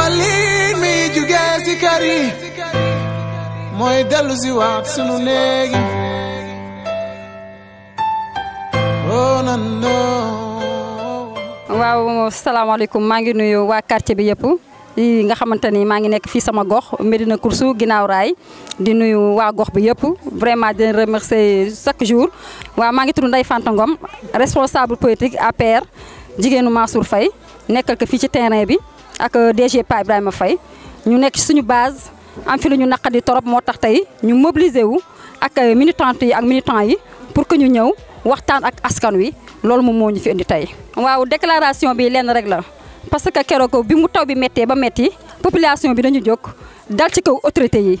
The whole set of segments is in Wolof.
mbalit mi jugee oh, salaamaaleykum maa ngi nuyu waa quartier bi yëpp. yi nga xamante ni maa ngi nekk fii sama gox Médina Koursou ginnaaw raay di nuyu waa gox bi yëpp vraiment di leen chaque jour waaw maa ngi tudd Ndeye Fanta Ngom responsable politique APR jigéenu Mansour Faye nekkal ko fii ci terrain bi ak euh, DG Pa Ibrahima Faye ñu nekk ci suñu base am fi lu ñu naqadi torop moo tax tey ñu mobiliser wu ak euh, militantes yi ak militants yi pour que ñu ñëw waxtaan ak askan wi loolu moom moo ñu fi indi tey. waaw déclaration bi lenn rek la parce que keroog bi mu taw bi méttee ba métti population bi dañu jóg dal ci kaw autorité yi.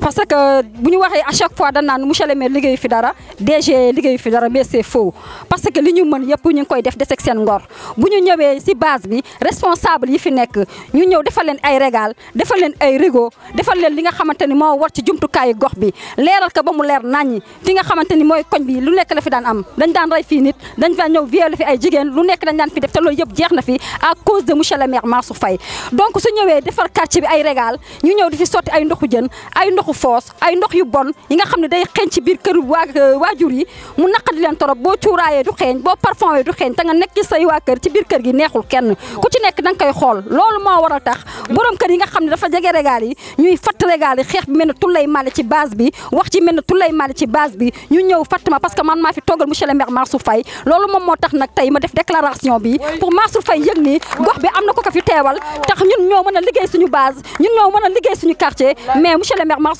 parce que buñu waxé à chaque fois dañ nan monsieur le maire liggéeyu fi dara DG liggéeyu fi dara mais c'est faux parce que li ñu mën yépp ñu ngi koy def deseg sen ngor buñu ñëwé ci si base bi responsable yi fi nek ñu ñëw defal leen ay régal defal leen ay rigo defal leen li nga xamanteni mo war ci jumtukaayu gox bi leeral ka ba mu leer naññi fi nga xamanteni moy koñ bi lu nek la fi daan am dañ daan ray fi nit dañ fa ñëw viole fi ay jigen lu nek dañ daan fi def té loolu yépp jeex na fi à cause de monsieur le maire Mansour Faye donc su ñëwé defal quartier bi ay régal ñu ñëw di fi sotti ay ndoxu jeun ay ndoxu foos ay ndox yu bon yi nga xam ne day xeeñ ci biir këru euh, waajur yi mu naqadi leen torop boo cuuraayee du xeeñ boo parfumé du xeeñ te nga nekk say waa kër ci biir kër gi neexul kenn ku ci nekk da nga xool loolu moo war a tax borom kër yi nga xam ne dafa jege régal yi ñuy fatt régal yi xeex bi mel ne tullay mali ci base bi wax ci mel ne tullay mali ci base bi ñu ñëw fatt ma parce que man maa fi toggal monsieur le maire Mansour loolu moom moo tax ah, a a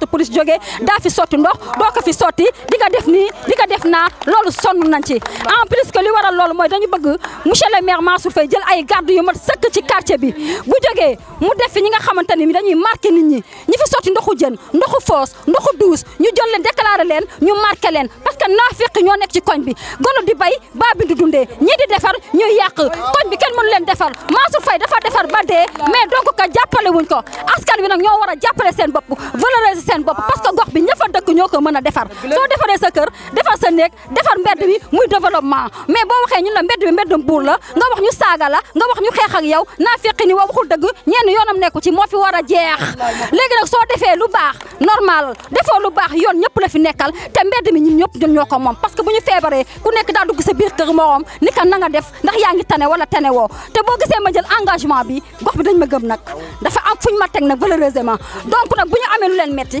oto police jógee daa fi sotti ndox doo ko fi sotti di nga def ni di nga def naa loolu sonn nañ ci en plus que li waral loolu mooy dañu bëgg monsieur le maire Mansour Faye jël ay garde yu mat sëkk ci quartier bi bu jógee mu def fi ñi nga xamante ni dañuy marqué ni ñi ñi fi sotti ndoxu jën ndoxu foos ndoxu duus ñu jël leen déclaré leen ñu marqué leen parce que naafiq ñoo nekk ci koñ bi golo di bay baa bindu dundee ñii di defar ñuy yàq koñ bi kenn mënu leen defar Mansour Faye dafa defar ba dee wuñ ko askan bi nag ñoo war a jàppale seen bopp seen bopp parce gox bi ña dëkk ñoo ko mën a defar soo defaree sa kër defar sa néeg defar mbedd bi muy développement mais boo waxee ñun la mbedd bi mbeddum buur la nga wax ñu saaga la nga wax ñu xeex ak naa fekki ni waxul dëgg ñenn yoonam nekku ci moo fi war a jeex léegi nag soo defee lu baax normal defoo lu baax yoon ñëpp la fi nekkal te mbedd mi ñun ñëpp ñun ñoo ko moom parce que bu ñu feebaree ku nekk daa dugg sa biir kër moom ni ka na nga def ndax yaa ngi tane wala tane woo te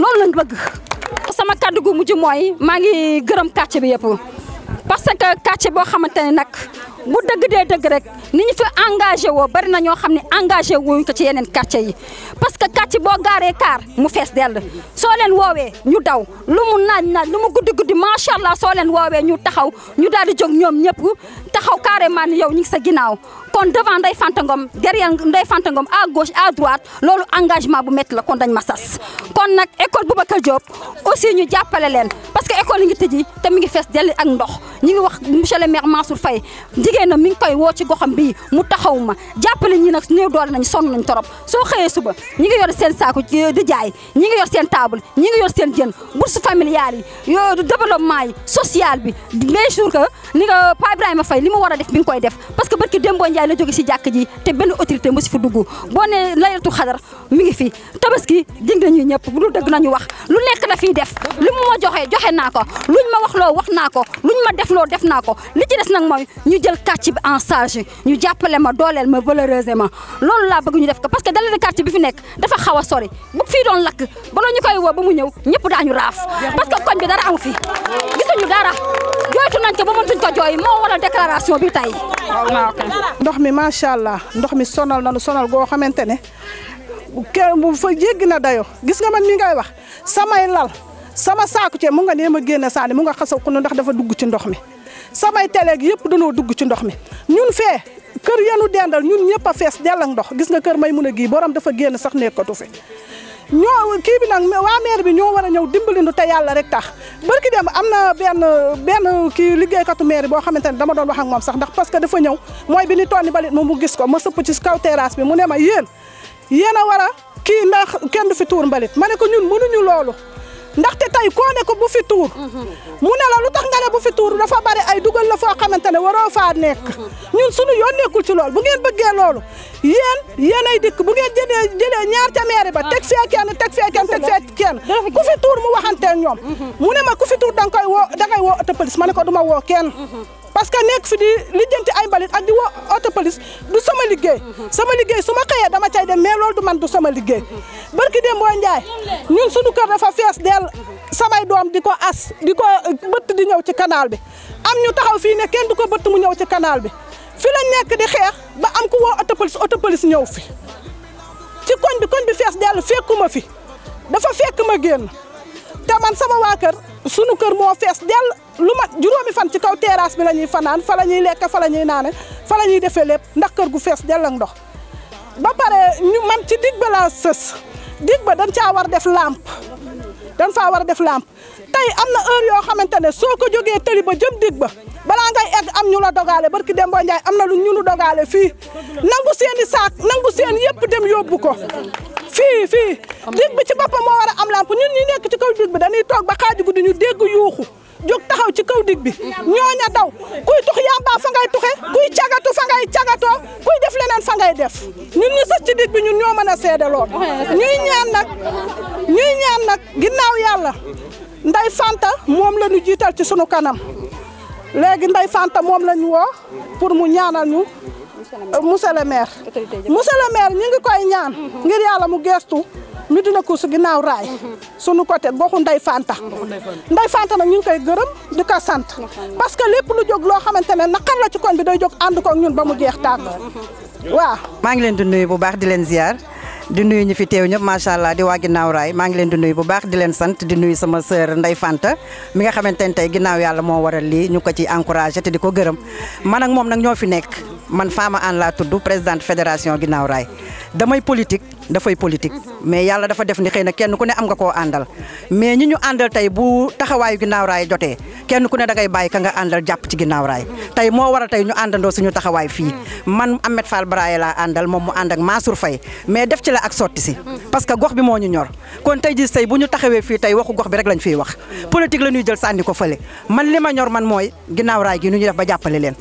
loolu lañ bëgg sama kàddu gu mujj mooy maa ngi gërëm quartier bi yëpp parce que quartier boo xamante ne nag mu dëgg dee dëgg rek ni ñu fi engagé woo bari na ñoo xam ne engagé wuñ ko ci yeneen quartier yi parce que quartier boo gaaree kaar mu fees dell soo leen woowee ñu daw lu mu naaj naaj lu mu guddi guddi macha allah soo leen woowee ñu taxaw ñu daal di jóg ñoom ñëpp taxaw carrément ni yow ñi sa ginnaaw kon devant Ndeye fantangom derrière Ndeye fantangom à gauche à droite lolu engagement bu metti la kon dañ ma sas kon nak école Boubacar Diop aussi ñu jappalé len parce que école ñi ngi té mi ngi fess del ak ndox ñi ngi wax monsieur le maire Mansour Faye jigéenam mi ngi koy wo ci goxam bi mu taxaw ma jàppale ñi nak néew doole nañ son nañ torop so xëyee suba ñi ngi yor sen saako di jaay ñi ngi yor sen table ñi ngi yor sen jeun bourse familiale yi développement social bi mais jour que ni nga Pa Ibrahima fay li nga war a def bi nga koy def parce que barki Dembo Ndiaye la jóge si jàkk ji te benn autorité mosu fi dugg boo ne laylatu xadar mi fi tabaski jëng nañu ñëpp bu dul dëgg nañu wax lu nekk la fiy def lu mu ma joxe joxe naa ko luñ ma wax loo wax naa ko luñ ma def loo def naa ko li ci des nag mooy ñu jël quartier bi en charge ñu jàppale ma dooleel ma valeureusement loolu laa bëgg ñu def ko parce que dalee na quartier bi fi nekk dafa xaw a sori bu fii doon lakk bala ñu koy woo ba mu ñëw ñëpp daañu raaf parce jooytu nañ ko ba mëntuñ ko jooy moo waral déclaration bi tey. ndox mi macha allah ndox mi sonal nañu sonal goo xamante ne kenn bu fa jéggi na dayo gis nga man mi ngay wax samay lal sama saako ceeb mu nga nee ma génn saani mu nga xasaw ku ndax dafa dugg ci ndox mi samay teleeg yëpp danoo dugg ci ndox mi ñun fee kër yanu dendal ñun ñëpp a fees dell ak ndox gis nga kër may mun a gii borom dafa génn sax nekkatu fi. ñoo ki bi nak wa maire bi ñoo wara ñew dimbali ndu te yalla rek tax barki dem amna ben ben ki liggey katu maire bo xamanteni dama doon wax ak mom sax ndax parce que dafa ñew moy bi ni tonni balit mo mu gis ko ma sëpp ci scout terrasse bi mu ne ma yeen yeena wara ki ndax kenn fi tour balit mané ko ñun ñu lolu ndaxte tey koo ne ko bu fi tuur mu ne la lu tax nga ne bu fi tuur fa bare ay dugal la foo xamante ne waroo a nekk ñun sunu yoon nekkul ci loolu bu ngeen bëggee loolu yéen ay dikk bu ngeen jëlee jëlee ñaar ca mairie ba teg fee kenn teg fee teg fee kenn ku fi tuur mu waxantee ñoom mu ne ma ku fi tuur danga koy woo dangay woo ëtt ma ne ko duma woo kenn parce que nek fi di lidianti ay mbalit ak di wo auto police du sama liggéey mhm. sama liggéey suma xeye dama tay dem mais lolou du man du sama liggéey mhm. barki dem bo njaay ñun suñu kër dafa fess del mhm. samay doom diko as diko beut di eh, ñew ci canal bi am ñu taxaw fi ne kenn duko beut mu ñew ci canal bi fi la nek di xex ba am ku wo auto police auto police ñew fi ci koñ bi koñ bi fess del fekkuma fi dafa fekk ma genn taman man sama waa sunu keur mo fess del luma juromi fan ci kaw terrasse bi lañuy ñuy fa lañuy lek fa lañuy ñuy fa lañuy ñuy lepp ndax keur gu fess del ak ndox ba paré ñu man ci digba la seus digba dañ caa war def lampe dañ fa war def lampe tay amna heure yo xamantene soko joggé ba jëm digba bala ngay egg am ñu la dogaale barki Demba Ndiaye am lu ñu nu dogaale fi nangu seeni i nangu seen yépp dem yobbu ko. fii fii dig bi ci boppam moo war a am lamp ñun ñi nekk ci kaw dig bi dañuy toog ba xaaju guddi ñu dégg yuuxu jóg taxaw ci kaw dig bi ñooña daw kuy tux yamba fa ngay tuxe kuy cagatu fa ngay cagatoo kuy def leneen fa ngay def ñun ñu sës ci dig bi ñun ñoo mën a seede lool ñuy ñaan nag ñuy ñaan nag ginnaaw yàlla nday fanta moom la ñu jiital ci sunu kanam léegi nday fanta moom la ñu woo pour mu ñaanal ñu Moussa le eh, maire Moussa le maire ñi ngi koy ñaan mhm. ngir yalla mu gestu mi dina ko su ginaaw raay mhm. suñu côté bokku nday Fanta nday Fanta nak ñu ngi koy gëreum di ko sant parce que lepp lu jog lo xamantene nakar la ci koñ bi doy jog and ko ak ñun ba mu jeex tàgg mhm. wa ma ngi leen di nuyu bu baax di leen ziar di nuyu ñi fi teew ma sha allah di waa ginnaaw raay ma ngi leen di nuyu bu baax di leen sante di nuyu sama sœur nday Fanta mi nga xamantene tay ginaaw yalla mo waral li ñu ko ci encourager te diko gëreum man ak mom nak ño fi nekk man Fama Anne laa tudd présidente fédération ginnaaw raay damay politique dafay politique mhm. mais yàlla dafa def ni xëy na kenn ku ne am nga koo àndal mais ñi ñu àndal tey bu taxawaayu ginnaaw raay jotee kenn ku ne dangay bàyyi ka nga àndal jàpp ci ginnaaw raay tey moo waral tey ñu àndandoo ñu taxawaay fii mhm. man Ahmed Fall Braya laa àndal moom mu ànd ak Mansour Faye mais def ci la ak sotti si mhm. parce que gox bi moo ñu ñor kon tey jii tey bu ñu taxawee fii tey waxu gox bi rek lañ fiy wax politique la ñuy jël sànni ko fële man li ma ñor man mooy ginnaaw raay gi ñu def ba jàppale leen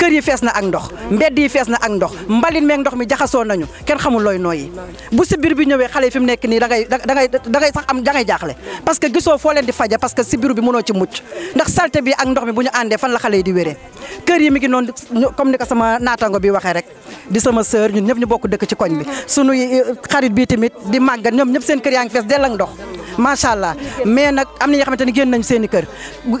kër yi fees na ak ndox mbedd yi fees na ak ndox mbalit meeg ndox mi jaxasoo nañu kenn xamul looy nooyi bu sibir bi ñëwee xale yi fi mu nekk nii da ngay ngay da ngay sax am da ngay jaaxle parce que gisoo foo leen di faja parce que sibir bi mënoo ci mucc ndax salte bi ak ndox mi bu ñu àndee fan la xale yi di wéree kër yi mi ngi noonu comme ni ko sama naatango bi waxee rek di sama sœur ñun ñëpp ñu bokk dëkk ci koñ bi sunuy euh, xarit bi tamit di màggat ñoom ñëpp seen kër yaa ngi fees macha allah mais nag am na ñoo xamante ne nañ seen i kër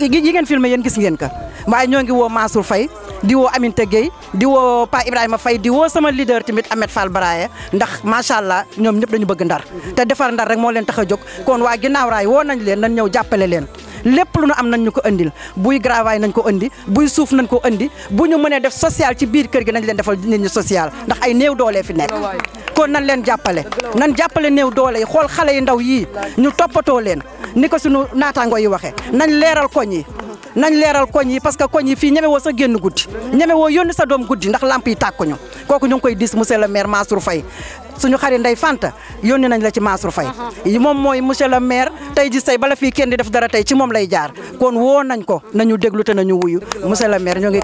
yi ngeen filmé yeen gis ngeen ka waaye ñoo ngi wo Mansour fay di wo Aminata Gueye di wo Pa Ibrahima fay di wo sama leader timit Ahmed Fall Baraye ndax machallah allah ñep dañu bëgg ndar te defar ndar rek mo leen tax a kon wa ginaaw raay wo nañ leen nañ ñew jappalé leen lépp lu nu am nañ ñu ko andil buy gravaay nañ ko andi buy suuf nañ ko andi bu ñu mënee def social ci biir kër gi nañ leen defal nit ñi social ndax ay néew doole fi nekk kon nañ leen jàppale nañ jàppale new doole yi xool xale yu ndaw yii ñu toppatoo leen ni ko suñu naataango yi waxee nañ leeral koñ yi nañ leeral koñ yi parce que koñ yi fii ñeme woo sa génn guddi ñeme woo yónni sa doom guddi ndax lamp yi tàkkuñu kooku ñu ngi koy dis monsieur le maire Mansour Faye suñu xarit Ndeye Fanta yónni nañ la ci Mansour Faye uh-huh. moom mooy monsieur le maire tey ji say bala fii kenn di def dara tey ci moom lay jaar kon woo nañ ko nañu déglu te nañu wuyu monsieur maire ñoom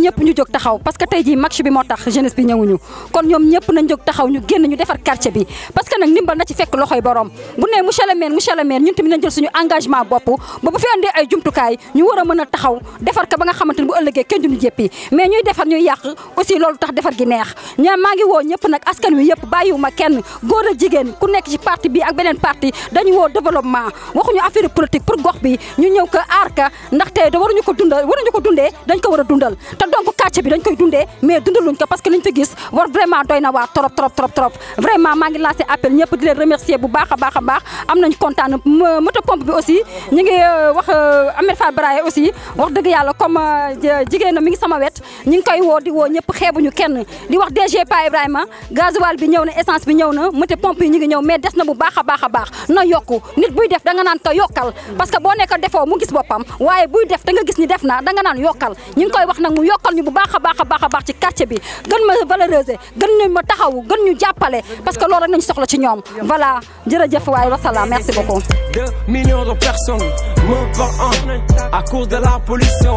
ñëpp ñu jóg taxaw parce que tey ji match bi moo tax jeunesse bi ñu génn ñu defar quartier bi parce que nag ndimbal na ci fekk loxoy borom bu ne monsieur maire monsieur maire ñun tamit nañ jël suñu engagement bopp ba bu fi andee ay jumtukaay ñu war a a taxaw defar ka ba nga xamante ne bu ëllëgee tax defar gi neex ñe ma ngi wo ñepp nak askan wi yëpp bayiwuma kenn goor ak jigen ku nekk ci parti bi ak benen parti dañu woo développement ñu affaire politique pour gox bi ñu ñëw ko aar ka ndaxte waruñu ko dundal waruñu ko dundé dañ ko wara dundal ta donc quartier bi dañ koy dundé mais dundaluñ ko parce que liñ fi gis war vraiment doyna wa trop trop trop trop vraiment ma ngi lancer appel ñepp di leen remercier bu baaxa baaxa baax am nañ contane moto pompe bi aussi ñi ngi euh, wax euh, Amir fa Braye aussi wax deug yalla comme euh, jigéen mi ngi sama wet ñi ngi koy wo di wo ñepp xébuñu kenn di wax DG Pa Ibrahima gasoil bi ñëw na essence bi ñëw na moté pompe yi ñu ngi ñëw mais des na bu baax a baax a baax na yokku nit buy def da nga naan ko yokkal parce que boo nekk defoo mu gis boppam waaye buy def da nga gis ni def na danga naan yokkal ñu ngi koy wax nag mu yokkal ñu bu baax a baax a baax a baax ci quartier bi gën ma valoriser gën ñu ma taxawu gën ñu jàppale parce que loolu rek nañu soxla ci ñoom voilà jërëjëf waaye wasalaam merci beaucoup. deux millions de personnes meurent par de la pollution